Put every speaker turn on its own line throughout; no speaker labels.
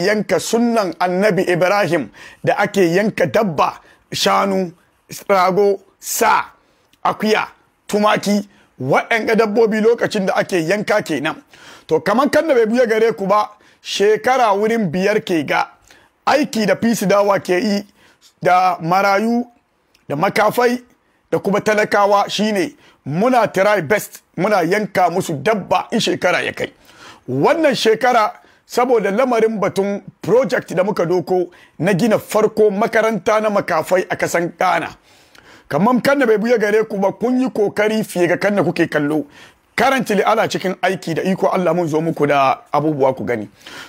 yanka sunan annabi ibrahim da ake yanka dabba shanu rago sa akuya tumaki waɗanga dabbobi lokacin da ake yanka kenan to kamar kan da bai buya gare ku ba shekara wurin biyar ke ga aiki da fisi dawa ke yi da marayu da makafai da kuma talakawa shine muna try best muna yanka musu dabba in shekara ya kai wannan shekara saboda lamarin batun project da muka doko na gina farko makaranta na makafai a kasan Ghana. Kamar kanna bai buya gare ku ba kun yi kokari fiye ga kanna kuke kallo. karanta ala cikin aiki da iko Allah mun zo muku da abubuwa ku gani.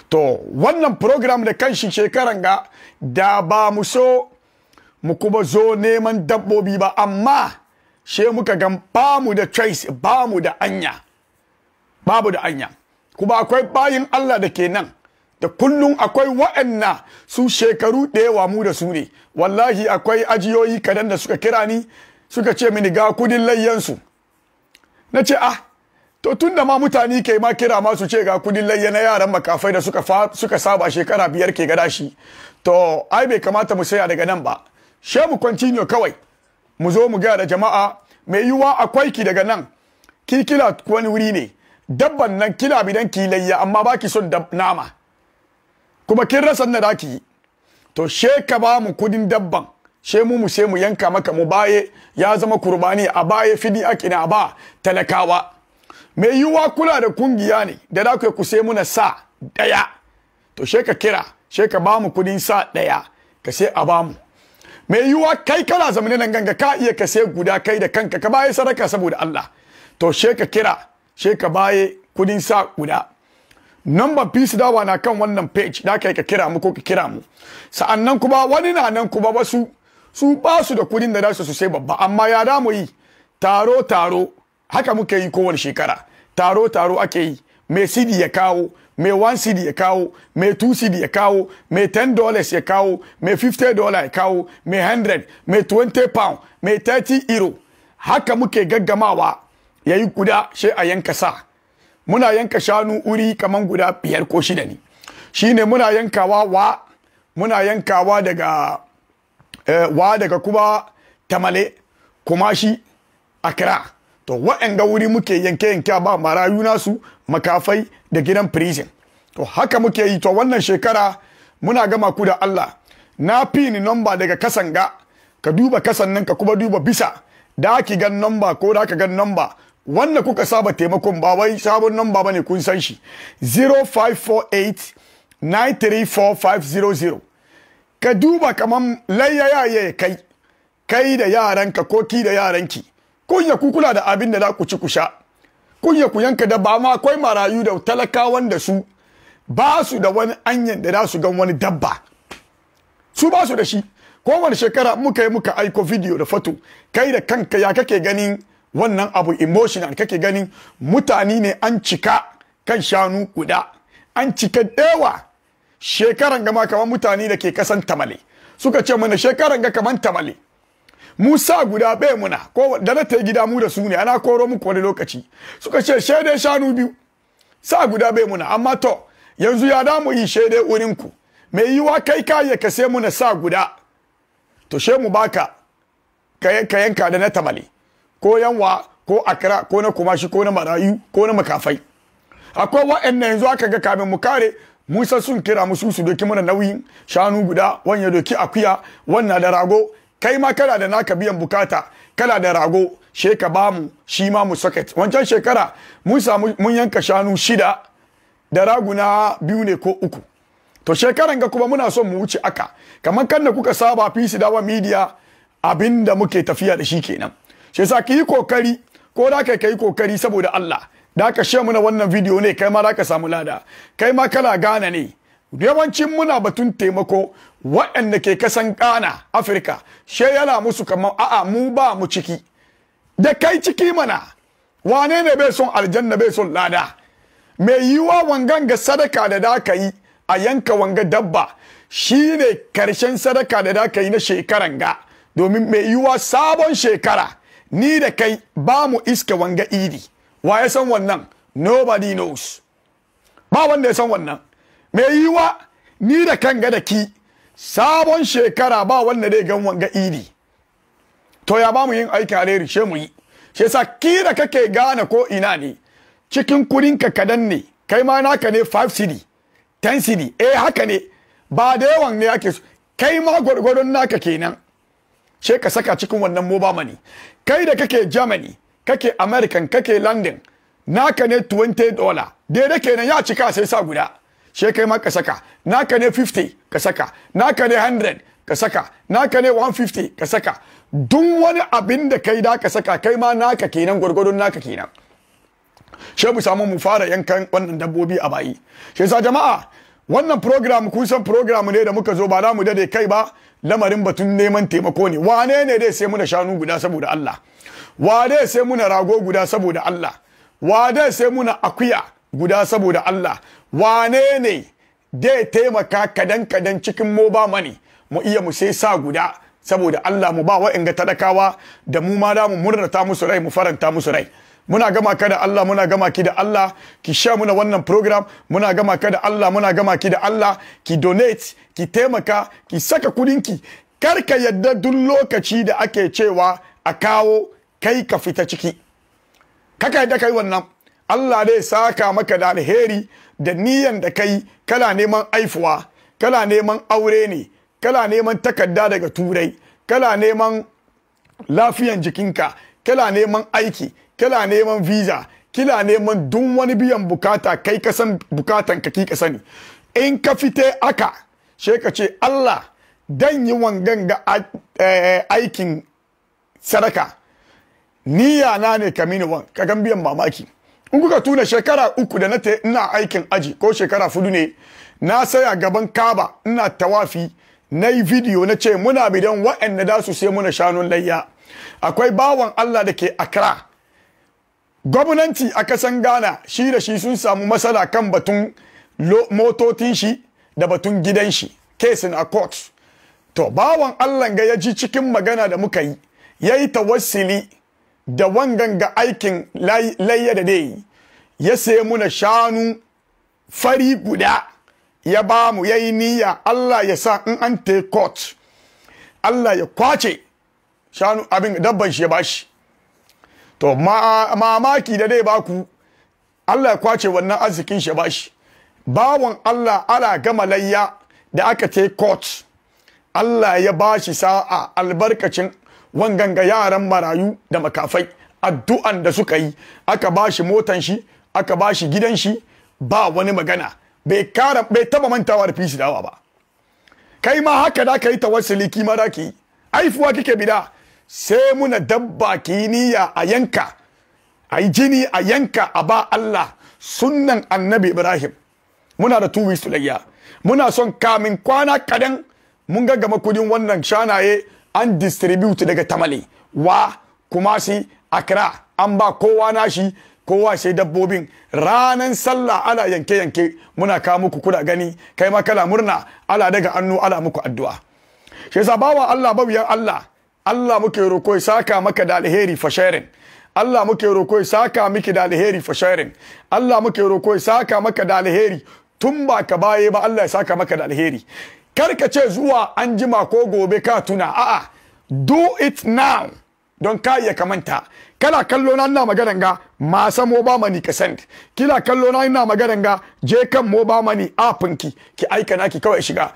To wannan program da kanshi shekaran ga da ba mu so mu kuma zo neman dabbobi ba amma she muka gan ba mu da choice ba mu da anya. Babu da anya. kuma akwai bayin Allah da ke nan da kullum akwai wa'anna su shekaru da yawa mu da su ne wallahi akwai ajiyoyi kadan da suka kira ni suka ce mini ga kudin layyansu na ce ah to tun da ma mutane ke ma kira ma su ce ga kudin layya na yaran makafai da suka saba shekara biyar ke gada shi to ai bai kamata mu saya daga nan ba she mu continue kawai mu zo mu ga da jama'a mai yiwuwa akwai ki daga nan ki kila wani wuri ne dabban nan kina bidan kilayya amma baki son nama kuma kin rasa na daki to she ka ba mu kudin dabban she mu mu she mu yanka maka mu baye ya zama kurbani a baye fidi akina ba talakawa Me yiwuwa kula da kungiya ne da da ku ku sai na sa daya to she ka kira she ka ba mu kudin sa daya ka sai a ba mu mai yiwuwa kai kana zamanin nan ganga ka iya ka sai guda kai da kanka ka baye sadaka saboda Allah to she ka kira she ka baye kudin sa guda number piece dawa na kan wannan page da kai ka kira mu ko ka kira mu sa'annan kuma wani na nan kuma wasu su ba su da kudin da za su sai babba amma ya da mu yi taro taro haka muke yi kowane shekara taro taro ake yi mai CD ya kawo mai one CD ya kawo mai two CD ya kawo mai ten dollars ya kawo mai 50 dollars ya kawo mai hundred mai 20 pound mai 30 euro haka muke gaggamawa yayi guda shi a yanka sa muna yanka shanu uri kaman guda biyar ko shida ne shine muna yankawa wa muna yankawa daga eh, wa daga kuma tamale kuma shi akra to waɗanga wuri muke yanke yanke ba marayu nasu makafai da gidan prison to haka muke yi to wannan shekara muna gama ku da Allah na ni nomba daga kasanga ka duba kasan nan ka kuma duba bisa da ki gan nomba ko da ka gan nomba wannan kuka saba taimakon ba wai sabon nan ba ne kun san shi 0548 934500 ka duba kamar layya ya kai kai da yaranka ko ki da yaranki kun ya kukula da abin da za ku ci ku sha kun ku yanka da ba ma akwai marayu da talakawan da su ba su da wani anyan da za su gan wani dabba su ba su da shi kowane shekara muka yi muka aiko video da fato kai da kanka ya kake ganin wannan abu emotional kake ganin mutane ne an cika kan shanu guda an cika dewa shekaran gama kamar mutane da ke kasan tamale suka ce mana shekaran ga kamar tamale Musa guda bai muna ko da na ta gida mu da su ne ana koro muku wani lokaci suka ce shaidai shanu biyu sa guda bai muna amma to yanzu ya damu yi shaidai wurin ku mai yiwa kai ka ya kase muna sa guda to she mu baka ka yanka da na tamale ko yanwa ko akra ko na kumashi ko na marayu ko na makafai akwai wa'annan yanzu aka ga kamin mu kare musa sun kira mu su doki mana nauyin shanu guda wanya doki akuya wannan da rago kai ma kana da naka biyan bukata kana da rago she ka ba mu shi ma mu socket wancan shekara mun samu mun yanka shanu shida da raguna biyu ne ko uku to shekaran ga kuma muna son mu wuce aka kamar kanna kuka saba fi dawa media abinda muke tafiya da shi kenan shi yasa ki yi kokari ko da ka yi kokari saboda Allah da ka share muna wannan video ne kai ma da ka samu lada kai ma kana gana ne yawancin muna batun taimako waɗanda ke kasan Ghana Afirka she yana musu kamar a'a mu ba mu ciki da kai ciki mana wane ne bai son aljanna bai son lada mai yiwa wangan ga sadaka da da ka yi a yanka wanga dabba shi ne karshen sadaka da da ka yi na shekaran ga domin mai yiwa sabon shekara ni da kai ba mu iske wanga iri wa ya san wannan nobody knows ba wanda ya san wannan mai yiwa ni da kan ga da ki sabon shekara ba wanda dai gan wanga idi to ya ba mu yin aiki alheri she mu yi shi yasa ki da kake gane ko ina ne cikin kurinka kadan ne kai ma naka ne 5 cedi 10 cedi eh haka ne ba da yawan ne ake kai ma gwargwadon naka kenan she ka saka cikin wannan mobamani kai da kake germany kake american kake london naka ne 20 dollar daidai kenan ya cika sai sa guda she kai ma ka saka naka ne 50 ka saka naka ne 100 ka saka naka ne 150 ka saka duk wani abin da kai da ka saka kai ma naka kenan gwargwadon naka kenan she mu samu mu fara yankan wannan dabbobi a bayi she sa jama'a wannan program kun san program ne da muka zo ba za mu dade kai ba lamarin batun neman taimako ne wane ne dai sai muna shanu guda saboda Allah wane sai muna rago guda saboda Allah wane sai muna akuya guda saboda Allah wane ne dai taimaka kadan kadan cikin mu ba mani mu iya mu sai sa guda saboda Allah mu ba wa inga talakawa da mu ma da mu murnata musu rai mu faranta musu rai muna gama ka da Allah muna gama ki da Allah ki sha muna wannan program muna gama ka da Allah muna gama ki da Allah ki donate ki taimaka ki saka ki. kar ka yadda duk lokaci da ake cewa a kawo kai ka fita ciki kaka yadda kai wannan Allah zai saka maka da alheri da niyan da kai Kala neman aifuwa kala neman aure ne kana neman takarda daga turai kala neman lafiyan jikinka kala neman aiki kila neman visa kila neman duk wani biyan bukata kai ka san bukatan ka ki sani in ka fite aka she ka ce Allah dan yi wangan ga eh, aikin sadaka Niya na ne ka mini wan ka gan biyan mamaki in kuka tuna shekara uku da na ina aikin aji ko shekara fudu ne na saya gaban kaba ina tawafi na yi video na ce muna bidan waɗanda da su sai muna shanun layya akwai bawan Allah da ke Accra gwamnati a kasan ghana shi da shi sun samu matsala kan batun motocin shi da batun gidan shi kesin a court to bawan allah ga ya ji cikin magana da muka yi ya yi tawassili da wangan ga aikin layya da dai ya sayi muna shanu fari guda ya ba mu ya yi niyya allah ya sa in an court allah ya kwace shanu abin dabban shi ya bashi to mamaki da dai baku Allah ya kwace wannan arzikin shi ba shi bawan Allah ala gama layya da aka ce court Allah ya bashi shi sa'a albarkacin wanganga yaran marayu da makafai addu'an da suka yi aka ba shi motan shi aka ba shi gidan shi ba wani magana bai kara bai taba mantawa da fisi dawa ba kai ma haka da ka yi tawassuli kima da yi. aifuwa kike bida sai muna dabba kiniya a yanka a yi jini a yanka a ba Allah sunan annabi Ibrahim muna da two weeks layya muna son kamin kwana kadan mun ga gama kudin wannan shanaye an distribute daga tamale wa kuma a akra an ba kowa nashi kowa sai dabbobin ranan sallah ala yanke yanke muna kawo muku kula gani kai ma kala murna ala daga annu ala muku addu'a shi yasa bawa Allah bawiyan Allah Allah muke roko saka maka da alheri fa sharing Allah muke ya saka miki da alheri fa sharing Allah muke roko saka maka da alheri tun ba ka baye ba Allah ya saka maka da alheri kar ka ce zuwa an jima ko gobe ka tuna a'a do it now don ka iya kamanta kana kallo na ina maganan ga mo ba mani ka send kila kallo na ina maganan ga je kan ba mani ki ki aika naki kawai shiga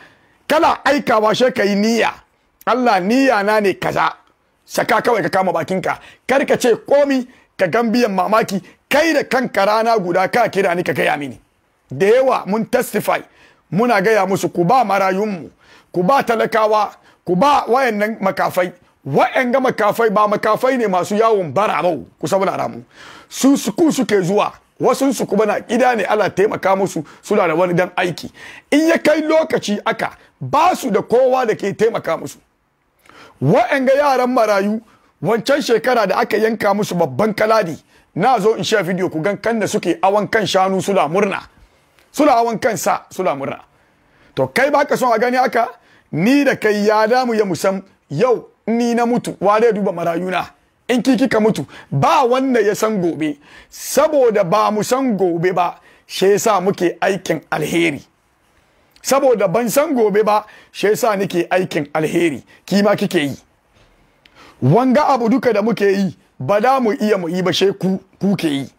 kana aikawa she kai niyya Allah niyya na ne kaza saka kawai ka kama bakinka kar ka ce komi ka gambiyan mamaki kai da kanka rana guda ka kira ni ka gaya mini da yawa mun testify muna gaya musu ku ba marayunmu ku ba talakawa ku ba wayannan makafai wa'yan ga makafai ba makafai ne masu yawon barabau ku saboda mu su suku suke zuwa wasu su kuma na gida ne Allah taimaka musu suna da wani dan aiki in ya kai lokaci aka ba su da kowa da ke taimaka musu wa'anga yaran marayu wancan shekara da aka yanka musu babban kaladi na zo in sha video ku gan kan da suke awan kan shanu sula murna sula awan kan sa sula murna to kai ba ka son a gani haka ni da kai ya damu ya musam yau ni na mutu wa zai duba marayuna in ki kika mutu ba wanda ya san gobe saboda ba mu san gobe ba shi yasa muke aikin alheri saboda ban san gobe ba shi yasa nake aikin alheri kima kike yi wanga abu duka da muke yi ba da mu iya mu yi ba she ku kuke yi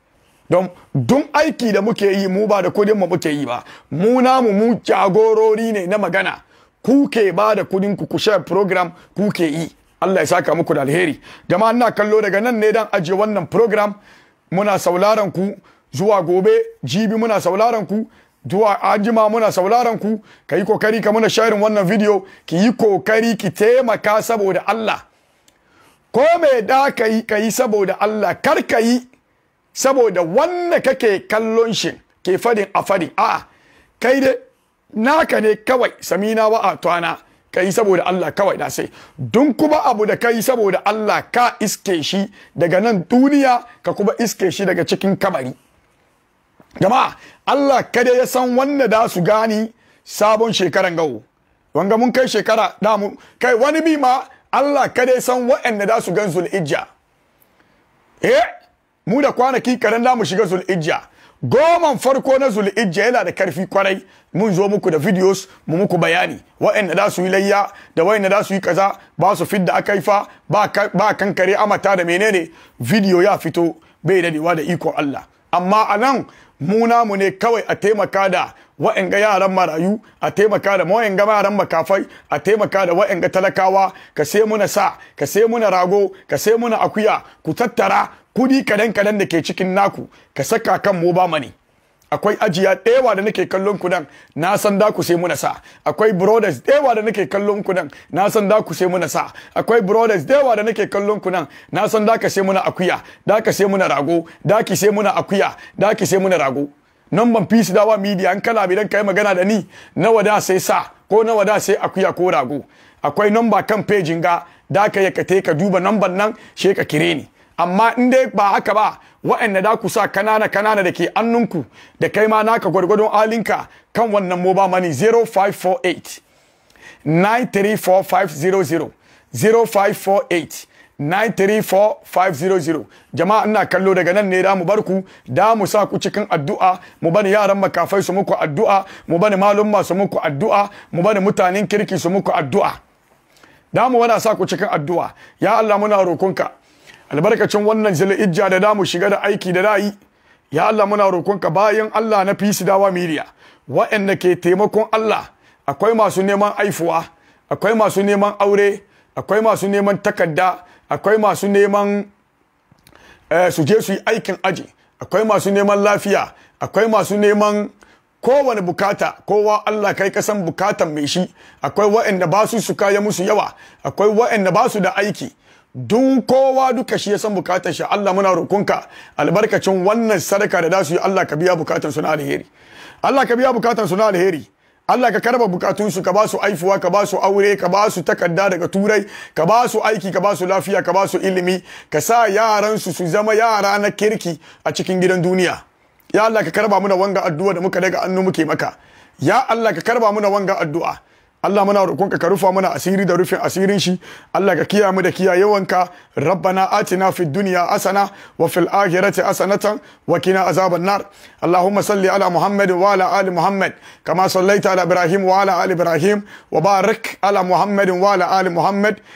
don dun aiki da muke yi mu ba da kudin mu muke yi ba mu namu mu jagorori ne na magana kuke ba da kudin ku ku share program kuke yi Allah ya saka muku da alheri jama'a ina kallo daga nan ne dan aje wannan program muna sauraron ku zuwa gobe jibi muna sauraron ku zuwa jima muna sauraron ku ka yi kokari ka muna sharing wannan video ki yi kokari ki taimaka saboda Allah ko me da ka yi saboda Allah kar ka yi saboda wanda kake kallon shi ke fadin a fadin a'a kai dai naka ne kawai samina wa a twana ka saboda Allah kawai da sai dun kuma abu da ka yi saboda Allah ka iske shi daga nan duniya ka kuma iske shi daga cikin kamari jama'a Allah kada ya san wanda da su gani sabon shekaran gawo wanga mun kai shekara damu kai wani bi ma Allah kada ya san waɗanda da su gan zulhijja eh mu da kwanaki karan da mu shiga zulhijja goman farko na zulhijja yana da karfi kwarai mun zo muku da videos mu muku bayani waɗanda da su yi layya da waɗanda da su yi kaza ba su fidda akai fa ba kankare amata da menene video ya fito bai dadewa da iko Allah amma anan mu namu ne kawai a taimaka da wa'anga yaran marayu a taimaka da wa'anga yaran makafai a taimaka da wa'anga talakawa ka sai muna sa ka sai muna rago ka sai muna akuya ku tattara kudi kadan kadan da ke cikin naku ka saka kan mu ba mani akwai ajiya ɗewa da nake kallon ku nan na san da ku sai muna sa akwai brothers ɗewa da nake kallon ku nan na san da ku sai muna sa akwai brothers ɗewa da nake kallon ku nan na san da ka sai muna akuya da ka sai muna rago da ki sai muna akuya da ki sai muna rago nan ban fi dawa media an kana idan kai magana da ni nawa da sai sa ko nawa da sai akuya ko rago akwai number kan pejin ga da ka yakate ka duba number nan she ka kire ni amma in dai ba haka ba wa'anda da ku sa kanana kanana da ke annunku da kai ma naka gwargwadon alinka kan wannan moba mani 0548 934500 0548 jama'a ina kallo daga nan ne da mu barku da mu sa ku cikin addu'a mu bani yaran makafai su muku addu'a mu bani ma su muku addu'a mu bani mutanen kirki su muku addu'a da mu wana sa ku cikin addu'a ya Allah muna rokonka albarkacin wannan ijja da damu shiga da aiki da dayi ya Allah muna roƙonka bayan Allah na fi dawa media waɗanda ke taimakon Allah akwai masu neman aifuwa akwai masu neman aure akwai masu neman takarda akwai masu neman eh, su je su yi aikin aji akwai masu neman lafiya akwai masu neman kowane bukata kowa Allah kai kasan bukatan mai shi akwai waɗanda ba su su musu yawa akwai waɗanda ba su da aiki dun kowa duka shi ya san bukatar shi Allah muna roƙonka albarkacin wannan sadaka da dasu yi Allah ka biya bukatar su na alheri Allah ka biya bukatar su na alheri Allah ka karba bukatun su ka ba su aifuwa ka ba su aure ka ba su takarda daga turai ka ba su aiki ka ba su lafiya ka ba su ilimi ka sa yaran su su zama yara na kirki a cikin gidan duniya ya Allah ka karba muna wanga addu'a da muka daga annu muke maka ya Allah ka karba muna wanga addu'a Allah muna roƙonka ka rufa mana asiri da rufin asirin shi Allah ka kiyaye mu da kiyayewanka rabbana atina fid dunya asana wa fil akhirati asanatan wa qina azaban nar Allahumma salli ala Muhammad wa ala ali Muhammad kama sallaita ala Ibrahim wa ala ali Ibrahim wa barik ala Muhammad wa ala ali Muhammad